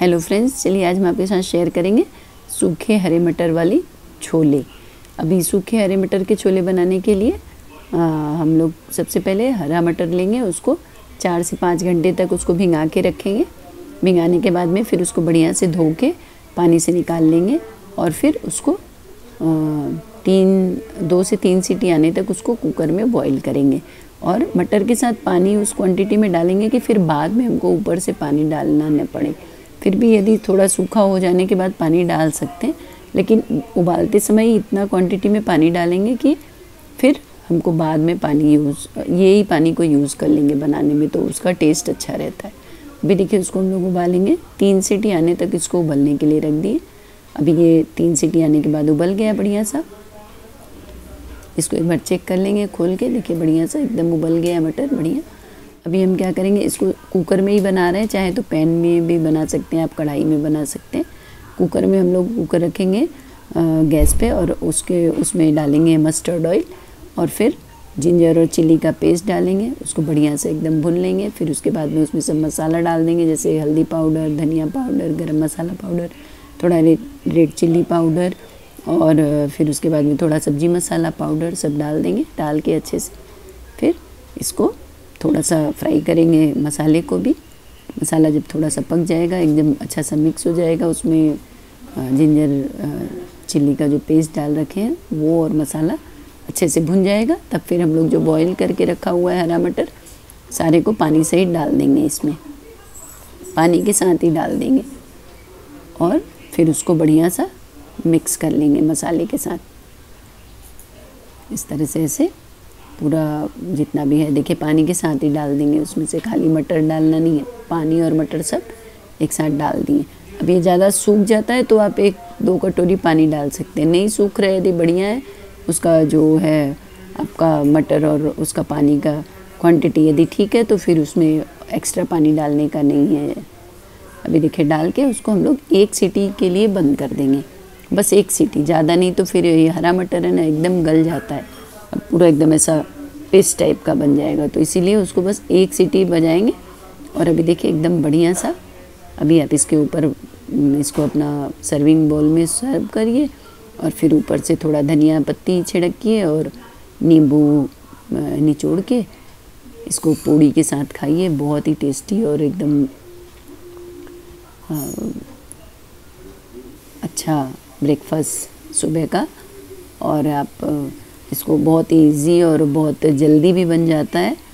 hello friends चलिए आज हम आपके साथ शेयर करेंगे सूखे हरे मटर वाली छोले अभी सूखे हरे मटर के छोले बनाने के लिए आ, हम लोग सबसे पहले हरा मटर लेंगे उसको चार से पाँच घंटे तक उसको भिंगा के रखेंगे भिंगाने के बाद में फिर उसको बढ़िया से धो के पानी से निकाल लेंगे और फिर उसको आ, तीन दो से तीन सीटी आने तक उसको कुकर में बॉईल करेंगे और मटर के साथ पानी उस क्वांटिटी में डालेंगे कि फिर बाद में हमको ऊपर से पानी डालना न पड़े फिर भी यदि थोड़ा सूखा हो जाने के बाद पानी डाल सकते हैं लेकिन उबालते समय ही इतना क्वांटिटी में पानी डालेंगे कि फिर हमको बाद में पानी यूज़ यही पानी को यूज़ कर लेंगे बनाने में तो उसका टेस्ट अच्छा रहता है अभी देखिए उसको हम लोग उबालेंगे तीन सीटी आने तक इसको उबलने के लिए रख दिए अभी ये तीन सीटी आने के बाद उबल गया बढ़िया सा इसको एक बार चेक कर लेंगे खोल के देखिए बढ़िया सा एकदम उबल गया मटर बढ़िया अभी हम क्या करेंगे इसको कुकर में ही बना रहे हैं चाहे तो पैन में भी बना सकते हैं आप कढ़ाई में बना सकते हैं कुकर में हम लोग कुकर रखेंगे गैस पे और उसके उसमें डालेंगे मस्टर्ड ऑयल और फिर जिंजर और चिल्ली का पेस्ट डालेंगे उसको बढ़िया से एकदम भून लेंगे फिर उसके बाद में उसमें सब मसाला डाल देंगे जैसे हल्दी पाउडर धनिया पाउडर गरम मसाला पाउडर थोड़ा रेड रेड चिल्ली पाउडर और फिर उसके बाद में थोड़ा सब्जी मसाला पाउडर सब डाल देंगे डाल के अच्छे से फिर इसको थोड़ा सा फ्राई करेंगे मसाले को भी मसाला जब थोड़ा सा पक जाएगा एकदम अच्छा सा मिक्स हो जाएगा उसमें जिंजर चिल्ली का जो पेस्ट डाल रखे हैं वो और मसाला अच्छे से भुन जाएगा तब फिर हम लोग जो बॉईल करके रखा हुआ है हरा मटर सारे को पानी से ही डाल देंगे इसमें पानी के साथ ही डाल देंगे और फिर उसको बढ़िया सा मिक्स कर लेंगे मसाले के साथ इस तरह से ऐसे पूरा जितना भी है देखिए पानी के साथ ही डाल देंगे उसमें से खाली मटर डालना नहीं है पानी और मटर सब एक साथ डाल दिए अब ये ज़्यादा सूख जाता है तो आप एक दो कटोरी पानी डाल सकते हैं नहीं सूख रहे यदि बढ़िया है उसका जो है आपका मटर और उसका पानी का क्वांटिटी यदि ठीक है तो फिर उसमें एक्स्ट्रा पानी डालने का नहीं है अभी देखिए डाल के उसको हम लोग एक सीटी के लिए बंद कर देंगे बस एक सीटी ज़्यादा नहीं तो फिर ये हरा मटर है ना एकदम गल जाता है पूरा एकदम ऐसा पेस्ट टाइप का बन जाएगा तो इसीलिए उसको बस एक सीटी बजाएंगे और अभी देखिए एकदम बढ़िया सा अभी आप इसके ऊपर इसको अपना सर्विंग बॉल में सर्व करिए और फिर ऊपर से थोड़ा धनिया पत्ती छिड़किए और नींबू निचोड़ के इसको पूड़ी के साथ खाइए बहुत ही टेस्टी और एकदम अच्छा ब्रेकफास्ट सुबह का और आप इसको बहुत ईजी और बहुत जल्दी भी बन जाता है